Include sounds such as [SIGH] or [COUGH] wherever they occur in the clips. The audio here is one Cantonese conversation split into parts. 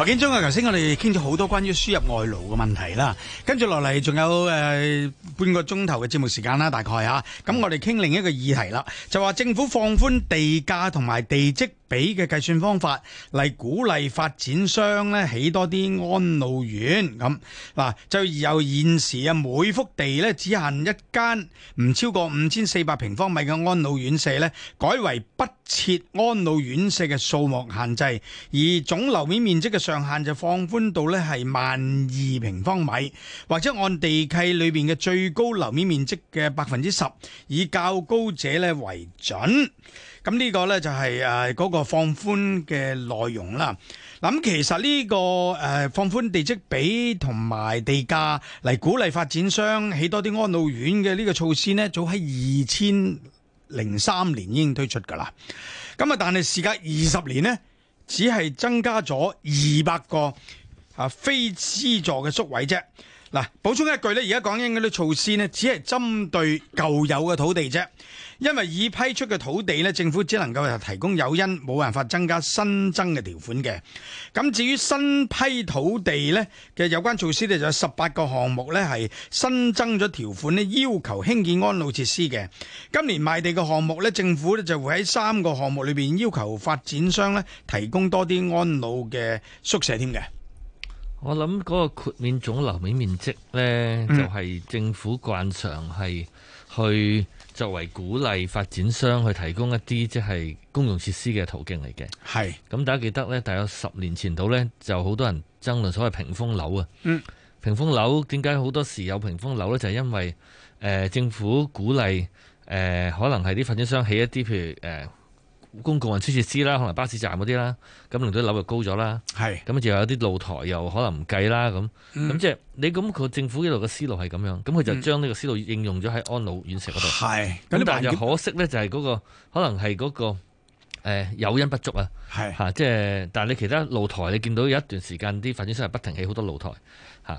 何建中啊，頭先我哋傾咗好多關於輸入外勞嘅問題啦，跟住落嚟仲有誒半個鐘頭嘅節目時間啦，大概吓。咁我哋傾另一個議題啦，就話政府放寬地價同埋地積比嘅計算方法嚟鼓勵發展商咧起多啲安老院，咁嗱，就由現時啊每幅地咧只限一間唔超過五千四百平方米嘅安老院舍咧，改為不設安老院舍嘅數目限制，而總樓面面積嘅上限就放寬到咧係萬二平方米，或者按地契裏面嘅最高樓面面積嘅百分之十，以較高者咧為準。咁呢個呢，就係誒嗰個放寬嘅內容啦。咁其實呢個誒放寬地積比同埋地價嚟鼓勵發展商起多啲安老院嘅呢個措施呢，早喺二千零三年已經推出㗎啦。咁啊，但係時隔二十年呢，只係增加咗二百個啊非資助嘅宿位啫。嗱，補充一句咧，而家講緊嗰啲措施呢只係針對舊有嘅土地啫，因為已批出嘅土地呢政府只能夠提供誘因，冇辦法增加新增嘅條款嘅。咁至於新批土地呢嘅有關措施呢就有十八個項目呢係新增咗條款呢要求興建安老設施嘅。今年賣地嘅項目呢政府呢就會喺三個項目裏面要求發展商呢提供多啲安老嘅宿舍添嘅。我諗嗰個豁免總樓面面積呢，就係、是、政府慣常係去作為鼓勵發展商去提供一啲即係公用設施嘅途徑嚟嘅。係是，咁大家記得呢，大約十年前度、嗯、呢，就好多人爭論所謂屏風樓啊。嗯，屏風樓點解好多時有屏風樓呢？就係因為誒、呃、政府鼓勵誒、呃，可能係啲發展商起一啲譬如誒。呃公共運輸設施啦，可能巴士站嗰啲啦，咁令到啲樓又高咗啦，係是，咁就有啲露台又可能唔計啦，咁、嗯，咁即係你咁佢政府呢度嘅思路係咁樣，咁佢、嗯、就將呢個思路應用咗喺安老院舍嗰度，係，咁但係又可惜咧、那個，就係嗰個可能係嗰、那個誒、呃、誘因不足是啊，係，即係，但你其他露台你見到有一段時間啲發展商係不停起好多露台。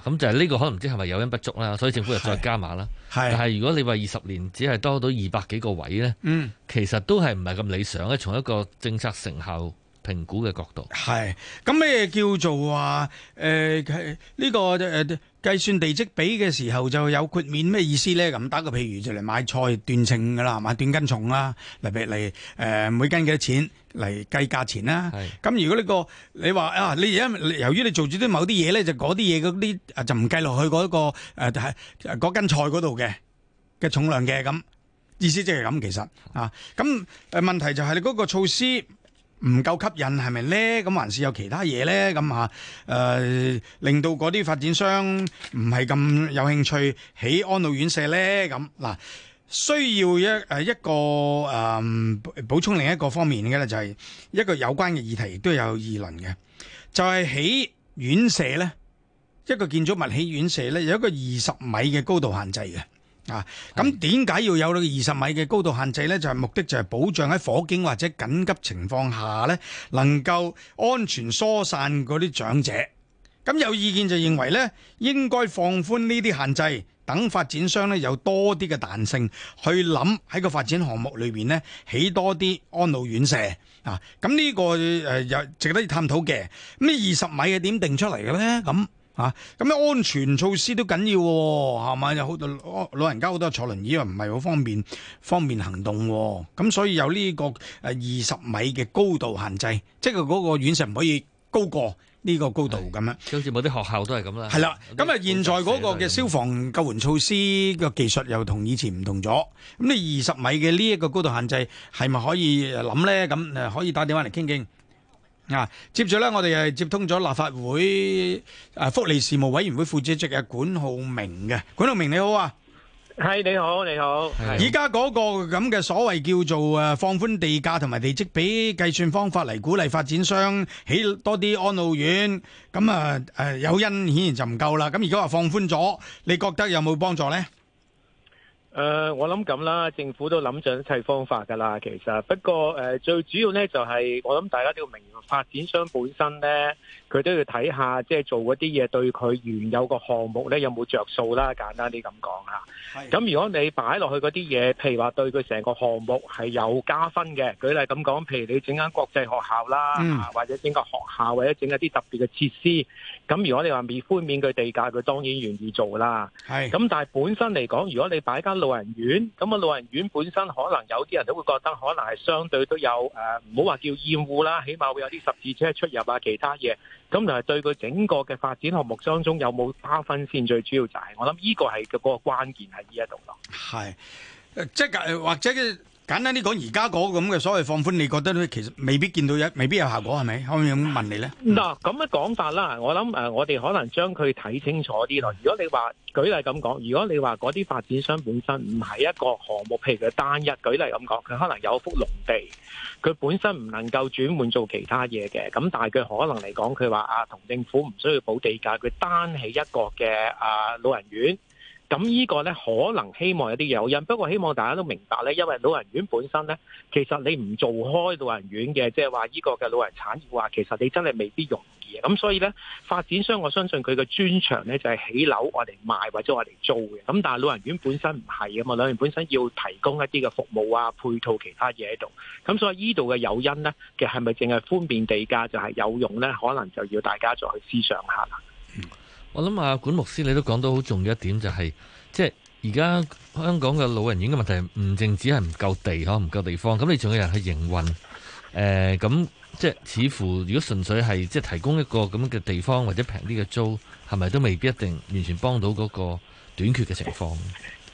咁就係呢個可能唔知係咪有因不足啦，所以政府又再加碼啦。但係如果你話二十年只係多到二百幾個位咧，嗯、其實都係唔係咁理想咧，從一個政策成效評估嘅角度。係，咁咩叫做話、啊、誒？呢、呃這個誒？呃計算地積比嘅時候就有豁免咩意思咧？咁打個譬如就嚟買菜斷稱噶啦，係嘛，斷斤重啊，例如嚟誒每斤幾多錢嚟計價錢啦。咁如果呢個你話啊，你而家由於你做住啲某啲嘢咧，就嗰啲嘢嗰啲就唔計落去嗰個誒係嗰斤菜嗰度嘅嘅重量嘅，咁意思即係咁其實啊，咁誒問題就係你嗰個措施。唔夠吸引係咪咧？咁還是有其他嘢咧？咁啊，誒令到嗰啲發展商唔係咁有興趣起安老院舍咧？咁嗱，需要一誒一個誒補充另一個方面嘅咧，就係一個有關嘅議題亦都有議論嘅，就係起院舍咧，一個建築物起院舍咧，有一個二十米嘅高度限制嘅。啊！咁點解要有呢個二十米嘅高度限制呢？就係、是、目的就係保障喺火警或者緊急情況下呢，能夠安全疏散嗰啲長者。咁有意見就認為呢，應該放寬呢啲限制，等發展商呢有多啲嘅彈性去諗喺個發展項目裏面呢，起多啲安老院舍啊！咁呢、這個誒、呃、值得探討嘅。咁二十米係點定出嚟嘅呢？咁？吓咁樣，安全措施都緊要係嘛？有好多老人家，好多坐輪椅啊，唔係好方便，方便行動。咁、啊、所以有呢個誒二十米嘅高度限制，即係佢嗰個院舍唔可以高過呢個高度咁樣。好似某啲學校都係咁啦。係啦，咁啊，現在嗰個嘅消防救援措施嘅技術又同以前唔同咗。咁你二十米嘅呢一個高度限制係咪可以諗咧？咁誒可以打電話嚟傾傾。啊！接住咧，我哋誒接通咗立法會誒福利事務委員會副主席啊，管浩鳴嘅。管浩鳴你好啊，係你好你好。而家嗰個咁嘅所謂叫做誒放寬地價同埋地積比計算方法嚟鼓勵發展商起多啲安老院，咁啊誒有因顯然就唔夠啦。咁而家話放寬咗，你覺得有冇幫助咧？誒、呃，我諗咁啦，政府都諗盡一切方法噶啦，其實不過誒、呃，最主要呢、就是，就係我諗大家都要明，發展商本身呢，佢都要睇下即係、就是、做嗰啲嘢對佢原有個項目呢，有冇着數啦，簡單啲咁講吓。咁是如果你擺落去嗰啲嘢，譬如話對佢成個項目係有加分嘅，舉例咁講，譬如你整間國際學校啦，嗯、或者整個學校或者整一啲特別嘅設施，咁如果你話未豁免佢地價，佢當然願意做啦。咁是，但係本身嚟講，如果你擺間。老人院咁啊，老人院本身可能有啲人都會覺得，可能係相對都有誒，唔好話叫厭惡啦，起碼會有啲十字車出入啊、其他嘢，咁就係對佢整個嘅發展項目當中有冇加分先，最主要就係、是、我諗呢個係個關鍵喺呢一度咯，係，即係或者嘅。簡單啲講，而家嗰個咁嘅所謂放寬，你覺得咧其實未必見到有，未必有效果係咪？可唔可以咁問你咧？嗱，咁嘅講法啦，我諗誒，我哋可能將佢睇清楚啲咯。如果你話舉例咁講，如果你話嗰啲發展商本身唔係一個項目，譬如佢單一，舉例咁講，佢可能有幅農地，佢本身唔能夠轉換做其他嘢嘅，咁但係佢可能嚟講，佢話啊，同政府唔需要補地價，佢單起一個嘅啊老人院。咁呢個呢，可能希望有啲誘因，不過希望大家都明白呢，因為老人院本身呢，其實你唔做開老人院嘅，即係話呢個嘅老人產業話，其實你真係未必容易。咁所以呢，發展商我相信佢嘅專長呢，就係起樓，我哋賣，或者我哋租嘅。咁但係老人院本身唔係啊嘛，老人院本身要提供一啲嘅服務啊、配套其他嘢喺度。咁所以呢度嘅誘因呢，其實係咪淨係寬便地價就係有用呢？可能就要大家再去思想下啦。我諗啊，管牧師你都講到好重要的一點，就是，就係即係而家香港嘅老人院嘅問題不只是不，唔淨止係唔夠地可唔夠地方，咁你仲有人去營運？誒、呃，咁即係似乎如果純粹係即係提供一個咁樣嘅地方或者平啲嘅租，係咪都未必一定完全幫到嗰個短缺嘅情況？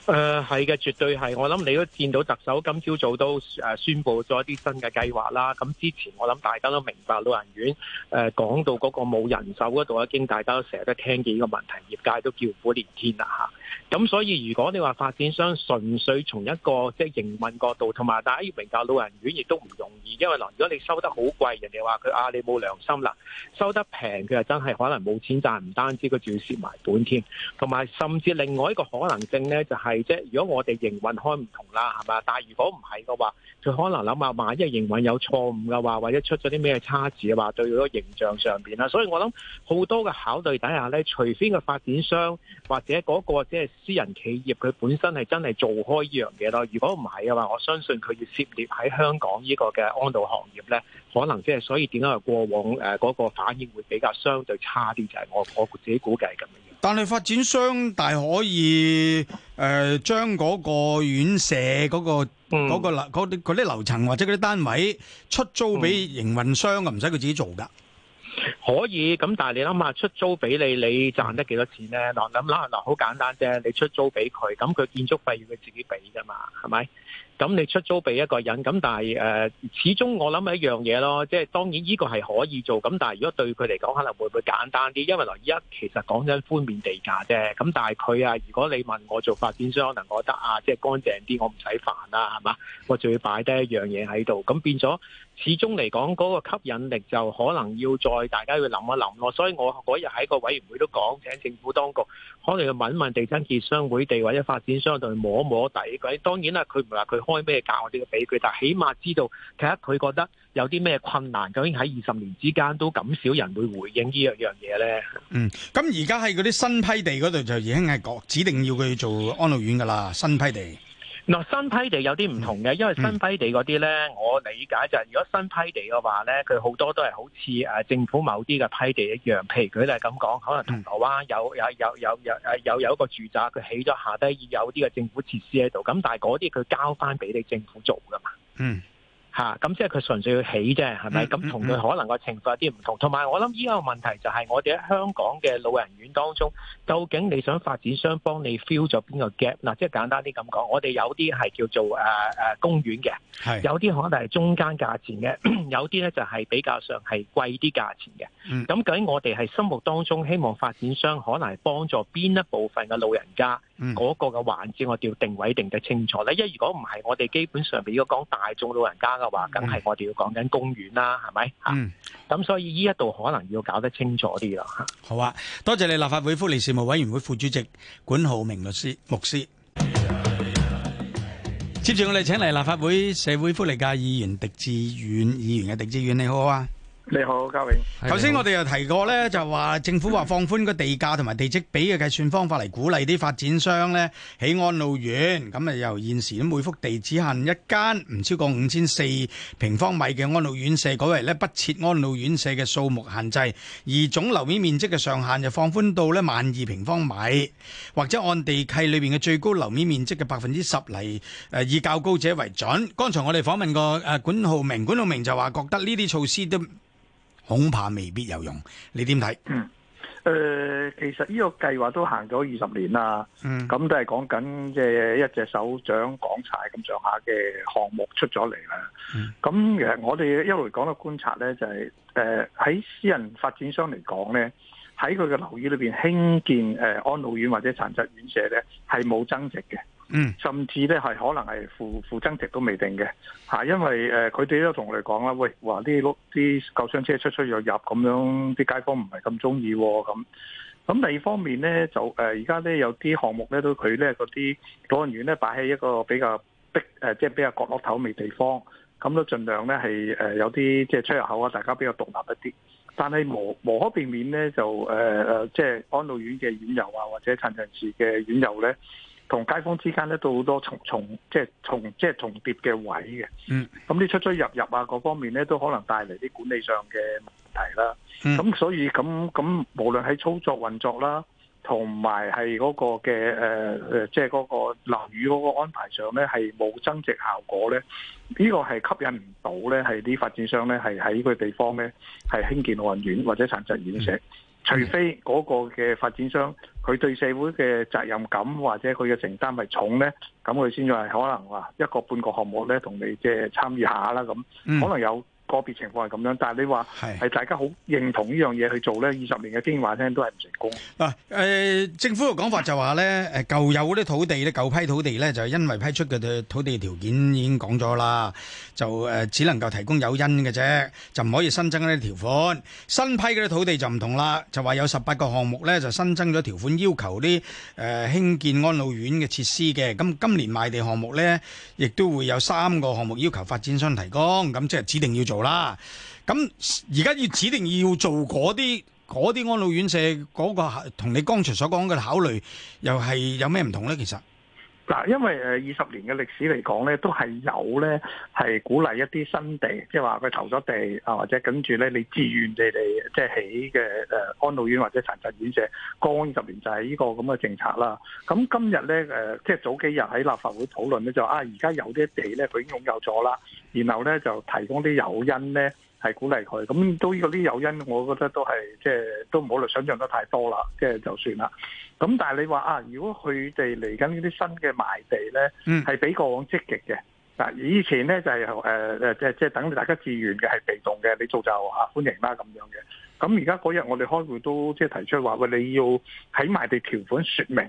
誒，係嘅、呃，絕對係。我諗你都見到特首今朝早都誒宣布咗一啲新嘅計劃啦。咁之前我諗大家都明白，老人院誒講、呃、到嗰個冇人手嗰度，已經大家都成日都聽見呢個問題，業界都叫苦連天啦、啊、吓。咁所以如果你話發展商純粹從一個即係營運角度，同埋大家要明白老人院亦都唔容易，因為嗱，如果你收得好貴，人哋話佢啊你冇良心啦；收得平，佢又真係可能冇錢賺，但係唔單止佢仲要蝕埋本添。同埋甚至另外一個可能性呢，就係即係如果我哋營運開唔同啦，係嘛？但係如果唔係嘅話，佢可能諗下萬一營運有錯誤嘅話，或者出咗啲咩差池嘅話，對佢個形象上邊啦。所以我諗好多嘅考慮底下呢，除非個發展商或者嗰個即係私人企業佢本身係真係做開呢樣嘢咯，如果唔係嘅話，我相信佢要涉獵喺香港呢個嘅安老行業咧，可能即、就、係、是、所以點解嘅過往誒嗰、呃那個反應會比較相對差啲，就係、是、我我自己估計係咁樣。但係發展商大可以誒、呃、將嗰個院舍、那個、嗰、嗯、個嗰個啲啲樓層或者嗰啲單位出租俾營運商嘅，唔使佢自己做㗎。可以，咁但係你諗下出租俾你，你賺得幾多錢咧？嗱，諗下嗱，好簡單啫，你出租俾佢，咁佢建築費要佢自己俾噶嘛，係咪？咁你出租俾一個人，咁但係、呃、始終我諗係一樣嘢咯，即係當然呢個係可以做，咁但係如果對佢嚟講，可能會唔會簡單啲？因為呢一其實講真，寬免地價啫，咁但係佢啊，如果你問我做發展商，可能我覺得啊，即係乾淨啲，我唔使煩啦，係嘛？我仲要擺低一樣嘢喺度，咁變咗始終嚟講嗰個吸引力就可能要再大家去諗一諗咯。所以我嗰日喺個委員會都講，請政府當局可能要問問問地產協商會地或者發展商，度佢摸摸底。當然啦，佢唔係。佢開咩價我哋要俾佢，但係起碼知道，其實佢覺得有啲咩困難，究竟喺二十年之間都咁少人會回應呢樣嘢咧？嗯，咁而家喺嗰啲新批地嗰度就已經係國指定要佢做安老院㗎喇，新批地。嗱，新批地有啲唔同嘅，因為新批地嗰啲咧，我理解就係如果新批地嘅話咧，佢好多都係好似誒政府某啲嘅批地一樣，譬如佢哋係咁講，可能銅鑼灣有有有有有誒有有一個住宅，佢起咗下低有啲嘅政府設施喺度，咁但係嗰啲佢交翻俾你政府做㗎嘛。嗯。吓，咁、啊、即係佢純粹要起啫，係咪？咁同佢可能個情況有啲唔同。同埋我諗依個問題就係我哋喺香港嘅老人院當中，究竟你想發展商幫你 fill 咗邊個 gap？嗱、啊，即係簡單啲咁講，我哋有啲係叫做誒誒、呃、公園嘅，有啲可能係中間價錢嘅，有啲咧就係比較上係貴啲價錢嘅。咁究竟我哋係心目當中希望發展商可能幫助邊一部分嘅老人家嗰個嘅環節我哋要定位定得清楚咧。因為如果唔係，我哋基本上係要講大眾老人家話梗係我哋要講緊公園啦，係咪？嗯，咁所以呢一度可能要搞得清楚啲咯。好啊，多謝你立法會福利事務委員會副主席管浩鳴律師牧師。接住我哋請嚟立法會社會福利界議員狄志遠議員嘅狄志遠，你好啊！你好，嘉榮。頭先我哋又提過呢，就話政府話放寬個地價同埋地積比嘅計算方法嚟鼓勵啲發展商呢起安老院。咁啊，由現時每幅地只限一間，唔超過五千四平方米嘅安老院舍，改為呢不設安老院舍嘅數目限制，而總樓面面積嘅上限就放寬到呢萬二平方米，或者按地契裏邊嘅最高樓面面積嘅百分之十嚟誒以較高者為準。剛才我哋訪問過誒、呃、管浩鳴，管浩鳴就話覺得呢啲措施都。恐怕未必有用，你點睇？嗯，誒、呃，其實呢個計劃都行咗二十年啦，咁、嗯、都係講緊即係一隻手掌講晒咁上下嘅項目出咗嚟。啦咁其實我哋一路講到觀察咧，就係誒喺私人發展商嚟講咧，喺佢嘅樓宇裏邊興建誒安老院或者殘疾院舍咧，係冇增值嘅。嗯，甚至咧係可能係負負增值都未定嘅，吓、啊，因為誒，佢哋都同我哋講啦，喂，話啲碌啲救傷車出出入入咁樣，啲街坊唔係咁中意，咁咁第二方面咧就誒，而家咧有啲項目咧都佢咧嗰啲老人院咧擺喺一個比較逼誒、呃，即係比較角落頭尾地方，咁都盡量咧係誒有啲即係出入口啊，大家比較獨立一啲，但係無無可避免咧就誒誒、呃，即係安老院嘅院友啊，或者殘疾人士嘅院友咧。同街坊之間咧都好多重重即係重即係重，重疊嘅位嘅，咁啲、mm. 出出入入啊各方面咧都可能帶嚟啲管理上嘅問題啦。咁、mm. 所以咁咁，無論喺操作運作啦，同埋係嗰個嘅誒即係嗰個樓宇嗰個安排上咧，係冇增值效果咧，呢、這個係吸引唔到咧，係啲發展商咧係喺呢個地方咧係興建安老院或者殘疾院舍。除非嗰個嘅發展商，佢對社會嘅責任感或者佢嘅承擔係重咧，咁佢先至係可能話一個半個項目咧，同你即係參與下啦咁，可能有。個別情況係咁樣，但係你話係大家好認同呢樣嘢去做呢，二十年嘅經驗話聽都係唔成功。嗱、啊，誒、呃、政府嘅講法就話呢，誒舊有啲土地咧，舊批土地呢，就因為批出嘅土地條件已經講咗啦，就誒、呃、只能夠提供誘因嘅啫，就唔可以新增嗰啲條款。新批嗰啲土地就唔同啦，就話有十八個項目呢，就新增咗條款，要求啲誒、呃、興建安老院嘅設施嘅。咁今年賣地項目呢，亦都會有三個項目要求發展商提供，咁即係指定要做。啦，咁而家要指定要做嗰啲嗰啲安老院舍，那個，嗰個同你剛才所講嘅考慮，又係有咩唔同咧？其實。嗱，因為誒二十年嘅歷史嚟講咧，都係有咧係鼓勵一啲新地，即係話佢投咗地啊，或者跟住咧你自願地哋，即係起嘅誒安老院或者殘疾院舍，剛二十年就係呢、這個咁嘅政策啦。咁今日咧誒，即係早幾日喺立法會討論咧，就是、啊而家有啲地咧佢已經擁有咗啦，然後咧就提供啲誘因咧。係鼓勵佢，咁都呢個啲誘因，我覺得都係即係都唔好想象得太多啦，即係就算啦。咁但係你話啊，如果佢哋嚟緊呢啲新嘅賣地咧，係、嗯、比過往積極嘅。嗱，以前咧就係誒誒即係即係等大家自願嘅，係被動嘅，你做就啊歡迎啦咁樣嘅。咁而家嗰日我哋開會都即係提出話，喂你要喺賣地條款說明、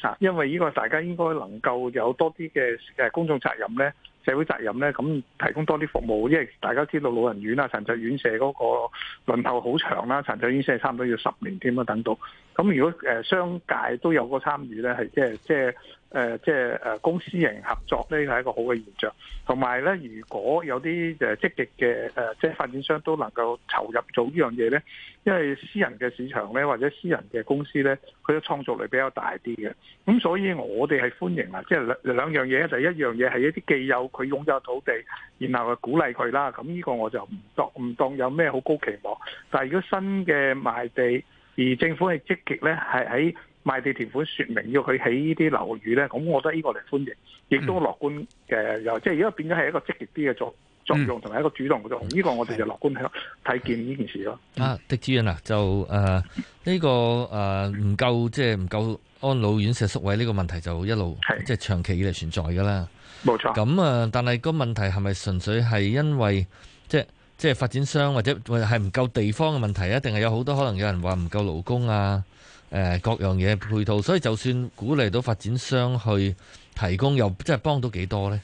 啊、因為呢個大家應該能夠有多啲嘅誒公眾責任咧，社會責任咧，咁提供多啲服務，因為大家知道老人院啊、殘疾院舍嗰個輪候好長啦，殘疾院舍差唔多要十年添啊，等到咁如果誒商界都有個參與咧，係即係即係。就是誒即係誒公私營合作呢係一個好嘅現象，同埋呢如果有啲誒積極嘅誒即係發展商都能夠投入做呢樣嘢呢，因為私人嘅市場呢或者私人嘅公司呢，佢嘅創造力比較大啲嘅。咁所以我哋係歡迎啊，即係兩兩樣嘢，就一樣嘢係一啲既有佢擁有土地，然後誒鼓勵佢啦。咁呢個我就唔當唔當有咩好高期望。但係如果新嘅賣地，而政府係積極呢，係喺，賣地條款說明要佢起呢啲樓宇咧，咁我覺得呢個我哋歡迎，亦都樂觀嘅，又即係而家變咗係一個積極啲嘅作作用，同埋一個主動嘅作用。呢個我哋就樂觀睇睇見呢件事咯。啊，狄主任啊，就誒呢個誒唔夠即係唔夠安老院舍宿位呢個問題就一路係即係長期以嚟存在噶啦，冇錯。咁啊，但係個問題係咪純粹係因為即係即係發展商或者係唔夠地方嘅問題啊？定係有好多可能有人話唔夠勞工啊？誒各樣嘢配套，所以就算鼓勵到發展商去提供，又即係幫到幾多咧？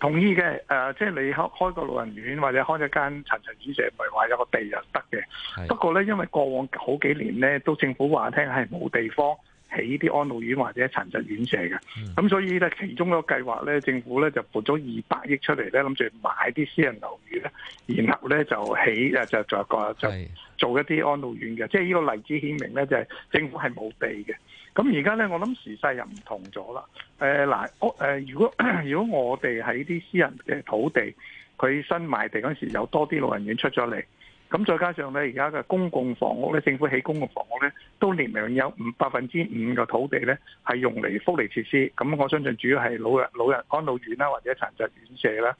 同意嘅、呃，即係你開開個老人院或者開一間殘疾人士，唔係話有個地就得嘅。是的 不過咧，因為過往好幾年咧，都政府話聽係冇地方。起啲安老院或者殘疾院舍嘅，咁所以咧其中嗰個計劃咧，政府咧就撥咗二百億出嚟咧，諗住買啲私人樓宇咧，然後咧就起誒就就話就，就，就做一啲安老院嘅。是的即係呢個例子顯明咧，就係、是、政府係冇地嘅。咁而家咧，我諗時勢又唔同咗啦。誒、呃、嗱，我、呃、誒、呃、如果 [COUGHS] 如果我哋喺啲私人嘅土地，佢新賣地嗰陣時候有多啲老人院出咗嚟。咁再加上咧，而家嘅公共房屋咧，政府起公共房屋咧，都年年有五百分之五嘅土地咧，係用嚟福利設施。咁我相信主要係老人老人安老院啦，或者殘疾院舍啦。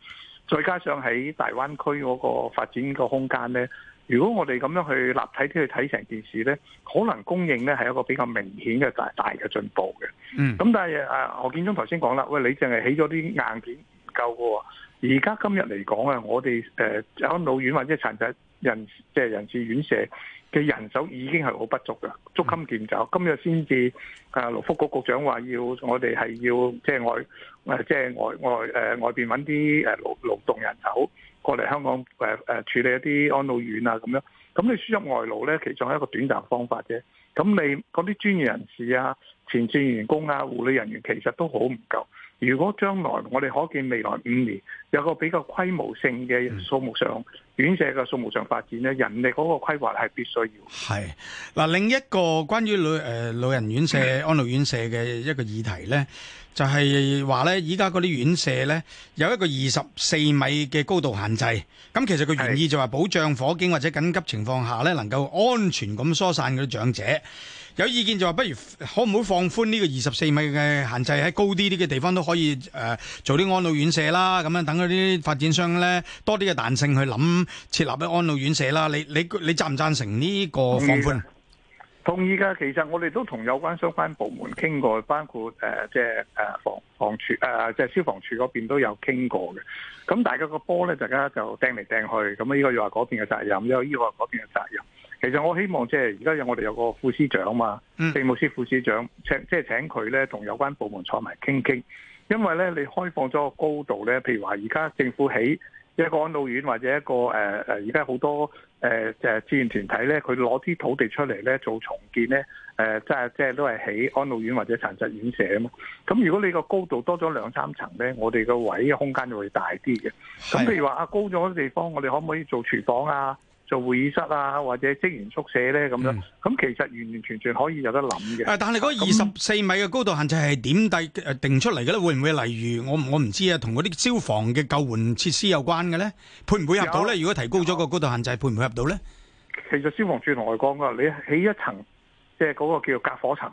再加上喺大灣區嗰個發展個空間咧，如果我哋咁樣去立體啲去睇成件事咧，可能供應咧係一個比較明顯嘅大大嘅進步嘅。嗯。咁但係啊，何建忠頭先講啦，喂，你淨係起咗啲硬件唔夠㗎喎。而家今日嚟講啊，我哋誒安老院或者殘疾人即係人、就是、人士院舍嘅人手已經係好不足嘅，捉襟見肘。今日先至啊，勞福局局長話要我哋係要即係、就是、外誒即係外外誒外邊揾啲誒勞勞動人手過嚟香港誒誒處理一啲安老院啊咁樣。咁你輸入外勞咧，其實係一個短暫方法啫。咁你嗰啲專業人士啊、前線員工啊、護理人員其實都好唔夠。如果將來我哋可見未來五年有個比較規模性嘅數目上、嗯、院舍嘅數目上發展呢，人力嗰個規劃係必須要。係嗱，另一個關於老誒老人院舍、嗯、安老院舍嘅一個議題呢，就係話呢：依家嗰啲院舍呢，有一個二十四米嘅高度限制，咁其實個原意就係保障火警或者緊急情況下呢，能夠安全咁疏散嗰啲長者。有意見就話，不如可唔可以放寬呢個二十四米嘅限制，喺高啲啲嘅地方都可以誒、呃、做啲安老院舍啦。咁樣等嗰啲發展商咧多啲嘅彈性去諗設立啲安老院舍啦。你你你贊唔贊成呢個放寬？同意㗎。其實我哋都同有關相關部門傾過，包括誒、呃、即係誒房房處誒即係消防處嗰邊都有傾過嘅。咁大家個波咧，大家就掟嚟掟去。咁呢個又話嗰邊嘅責任，又呢個又嗰邊嘅責任。其實我希望即係而家有我哋有個副司長嘛，政務司副司長請即係、即係、請佢咧，同有關部門坐埋傾傾。因為咧，你開放咗個高度咧，譬如話而家政府起一個安老院或者一個誒誒，而家好多誒誒志願團體咧，佢攞啲土地出嚟，咧做重建咧，誒、呃、即係即係都係起安老院或者殘疾院舍啊嘛。咁如果你個高度多咗兩三層咧，我哋個位嘅空間就會大啲嘅。咁譬如話啊高咗啲地方，我哋可唔可以做廚房啊？做會議室啊，或者職員宿舍咧，咁樣，咁其實完完全全可以有得諗嘅。誒，但係嗰二十四米嘅高度限制係點定定出嚟嘅咧？會唔會例如我我，唔知啊，同嗰啲消防嘅救援設施有關嘅咧？配唔配合到咧？有如果提高咗個高度限制，有配唔配合到咧？其實消防處同我講㗎，你起一層，即係嗰個叫做隔火層。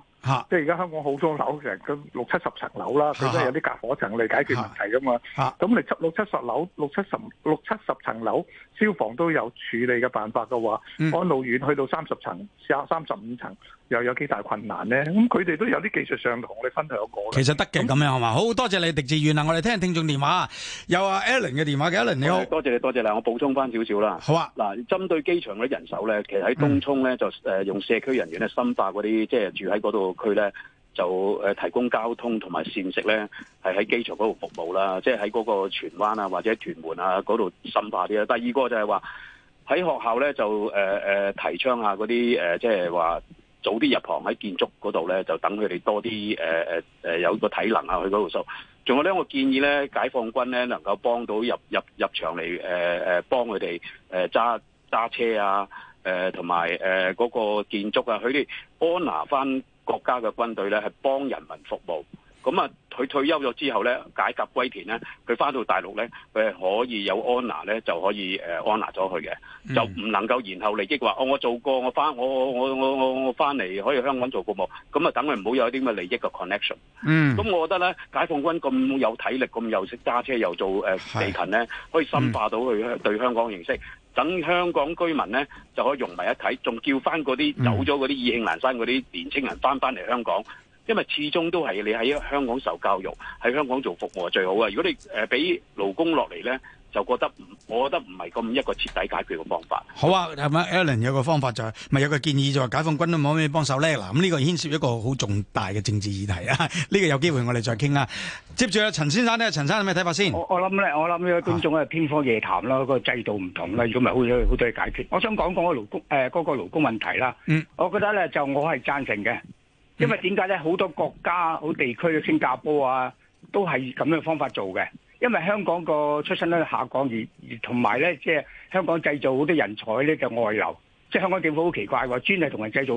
即係而家香港好多樓成個六七十層樓啦，佢都係有啲隔火層嚟解決問題噶嘛。咁你七六七十樓六七十六七十層樓消防都有處理嘅辦法嘅話，安老院去到三十層、三十五層又有幾大困難咧？咁佢哋都有啲技術上同我哋分享過。其實得嘅咁樣係嘛？好多謝你，狄志遠啦，我哋聽聽眾電話，有阿 Ellen 嘅電話嘅，Ellen 你好，多謝你，多謝你。我補充翻少少啦。好啊，嗱，針對機場嗰啲人手咧，其實喺東涌咧就誒用社區人員咧深化嗰啲即係住喺嗰度。佢咧就誒提供交通同埋膳食咧，係喺機場嗰度服務啦，即係喺嗰個荃灣啊或者屯門啊嗰度深化啲啦。第二個就係話喺學校咧就誒誒、呃、提倡下嗰啲誒即係話早啲入行喺建築嗰度咧，就等佢哋多啲誒誒誒有個體能啊去嗰度收。仲有咧，我建議咧，解放軍咧能夠幫到入入入場嚟，誒誒幫佢哋誒揸揸車啊誒同埋誒嗰個建築啊，佢哋安拿翻。國家嘅軍隊咧係幫人民服務，咁啊佢退休咗之後咧解甲歸田咧，佢翻到大陸咧佢係可以有安娜咧就可以誒安納咗佢嘅，嗯、就唔能夠然後利益話哦我做過我翻我我我我我翻嚟可以香港做服務，咁啊等佢唔好有啲咩利益嘅 connection。嗯，咁我覺得咧，解放軍咁有體力，咁又識揸車又做誒、呃、的地勤咧，可以深化到佢香對香港嘅認識。嗯嗯等香港居民咧，就可以融埋一體，仲叫翻嗰啲走咗嗰啲意興闌珊嗰啲年青人翻翻嚟香港，因為始終都係你喺香港受教育，喺香港做服務係最好嘅。如果你誒俾、呃、勞工落嚟咧。就覺得唔，我覺得唔係咁一個徹底解決嘅方法。好啊，係咪？Alan 有個方法就係，咪有個建議就係、是，解放軍都可唔可以幫手咧？嗱，咁呢個牽涉一個好重大嘅政治議題啊！呢 [LAUGHS] 個有機會我哋再傾啊。接住阿陳先生咧，陳生有咩睇法先？我我諗咧，我諗呢個觀眾係天方夜譚啦，啊、個制度唔同啦，如果咪好多好多嘢解決。我想講講嗰個勞工誒嗰、呃嗰個勞工問題啦。嗯，我覺得咧就我係贊成嘅，嗯、因為點解咧？好多國家好地區，新加坡啊，都係咁樣方法做嘅。因為香港個出生率下降，而而同埋咧，即係香港製造好多人才咧，就外流。即係香港政府好奇怪，話專係同人製造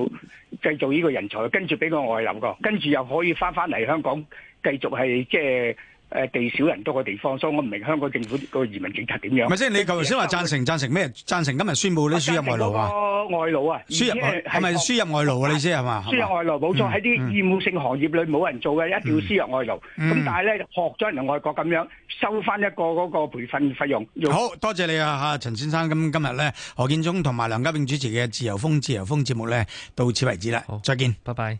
製造呢個人才，跟住俾個外流㗎，跟住又可以翻翻嚟香港繼續係即係。就是誒地少人多嘅地方，所以我唔明香港政府個移民政策點樣？咪係先，你頭先話贊成贊成咩？贊成今日宣佈呢輸，輸入外勞啊！輸入外勞啊！輸入係咪輸入外勞啊？你先係嘛？輸入外勞冇錯喺啲厭惡性行業裏冇人做嘅，嗯、一定要輸入外勞。咁、嗯、但係咧學咗人外國咁樣收翻一個嗰個培訓費用。用好多謝你啊！嚇陳先生，今今日咧何建宗同埋梁家炳主持嘅自由風自由風節目咧，到此為止啦。好，再見，拜拜。